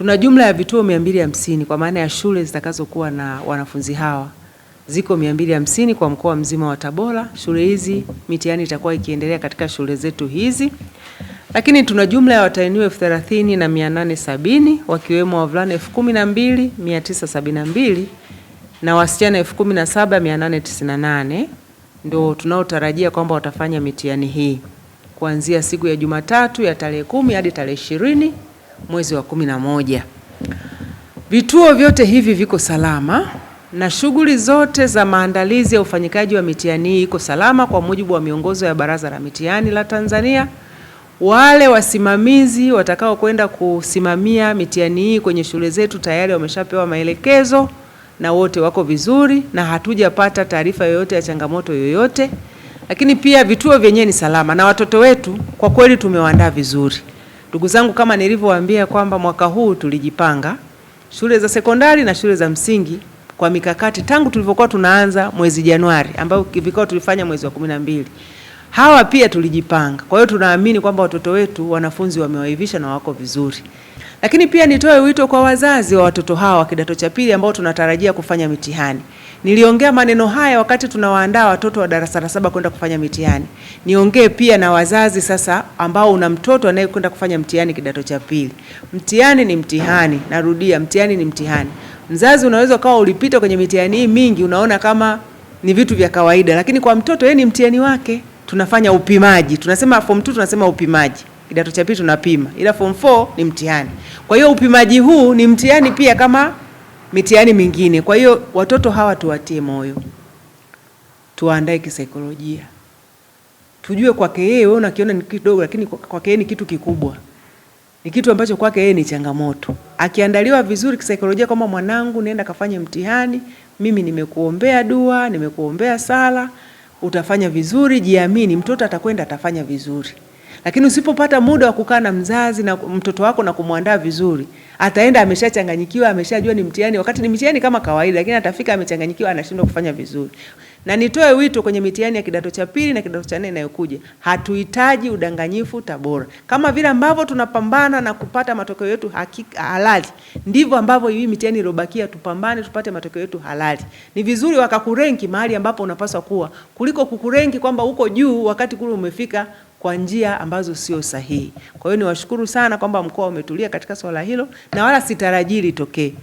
Tuna jumla ya vituo 250 kwa maana ya shule zitakazokuwa na wanafunzi hawa ziko 250 kwa mkoa mzima wa Tabora. Shule hizi mitihani itakuwa ikiendelea katika shule zetu hizi, lakini tuna jumla ya watahiniwa elfu thelathini na mia nane sabini wakiwemo wavulana elfu kumi na mbili mia tisa sabini na mbili na wasichana elfu kumi na saba mia nane tisini na nane ndio tunaotarajia kwamba watafanya mitihani hii kuanzia siku ya Jumatatu ya tarehe kumi hadi tarehe ishirini mwezi wa kumi na moja. Vituo vyote hivi viko salama na shughuli zote za maandalizi ya ufanyikaji wa mitihani hii iko salama kwa mujibu wa miongozo ya Baraza la Mitihani la Tanzania. Wale wasimamizi watakao kwenda kusimamia mitihani hii kwenye shule zetu tayari wameshapewa maelekezo na wote wako vizuri na hatujapata taarifa yoyote ya changamoto yoyote, lakini pia vituo vyenyewe ni salama na watoto wetu kwa kweli tumewaandaa vizuri. Ndugu zangu, kama nilivyowaambia kwamba mwaka huu tulijipanga shule za sekondari na shule za msingi kwa mikakati tangu tulivyokuwa tunaanza mwezi Januari, ambayo vikao tulifanya mwezi wa kumi na mbili. Hawa pia tulijipanga. Kwa hiyo tunaamini kwamba watoto wetu wanafunzi wamewaivisha na wako vizuri, lakini pia nitoe wito kwa wazazi wa watoto hawa wa kidato cha pili ambao tunatarajia kufanya mitihani. Niliongea maneno haya wakati tunawaandaa watoto wa darasa la saba kwenda kufanya mitihani. Niongee pia na wazazi sasa, ambao una mtoto anayekwenda kufanya mtihani kidato cha pili. Mtihani ni mtihani, narudia, mtihani ni mtihani. Mzazi unaweza ukawa ulipita kwenye mitihani hii mingi, unaona kama ni vitu vya kawaida, lakini kwa mtoto yeye ni mtihani wake. Tunafanya upimaji, tunasema form 2 tunasema upimaji kidato cha pili tunapima, ila form 4 ni mtihani. Kwa hiyo upimaji huu ni mtihani pia kama mitihani mingine. Kwa hiyo watoto hawa tuwatie moyo, tuwaandae kisaikolojia, tujue kwake yeye, wewe unakiona ni kidogo, lakini kwake yeye ni kitu kikubwa, ni kitu ambacho kwake yeye ni changamoto. Akiandaliwa vizuri kisaikolojia, kwamba mwanangu, nenda kafanye mtihani, mimi nimekuombea dua, nimekuombea sala, utafanya vizuri, jiamini. Mtoto atakwenda atafanya vizuri. Lakini usipopata muda wa kukaa na mzazi na mtoto wako na kumwandaa vizuri, ataenda ameshachanganyikiwa, ameshajua ni mtihani, wakati ni mtihani kama kawaida, lakini atafika amechanganyikiwa, anashindwa kufanya vizuri. Na nitoe wito kwenye mitihani ya kidato cha pili na kidato cha nne inayokuja, hatuhitaji udanganyifu Tabora. Kama vile ambavyo tunapambana na kupata matokeo yetu hakika halali, ndivyo ambavyo hii mitihani iliyobakia tupambane tupate matokeo yetu halali. Ni vizuri wakakurenki mahali ambapo unapaswa kuwa kuliko kukurenki kwamba uko juu wakati kule umefika kwa njia ambazo sio sahihi. Kwa hiyo niwashukuru sana kwamba mkoa umetulia katika swala hilo na wala sitarajii litokee.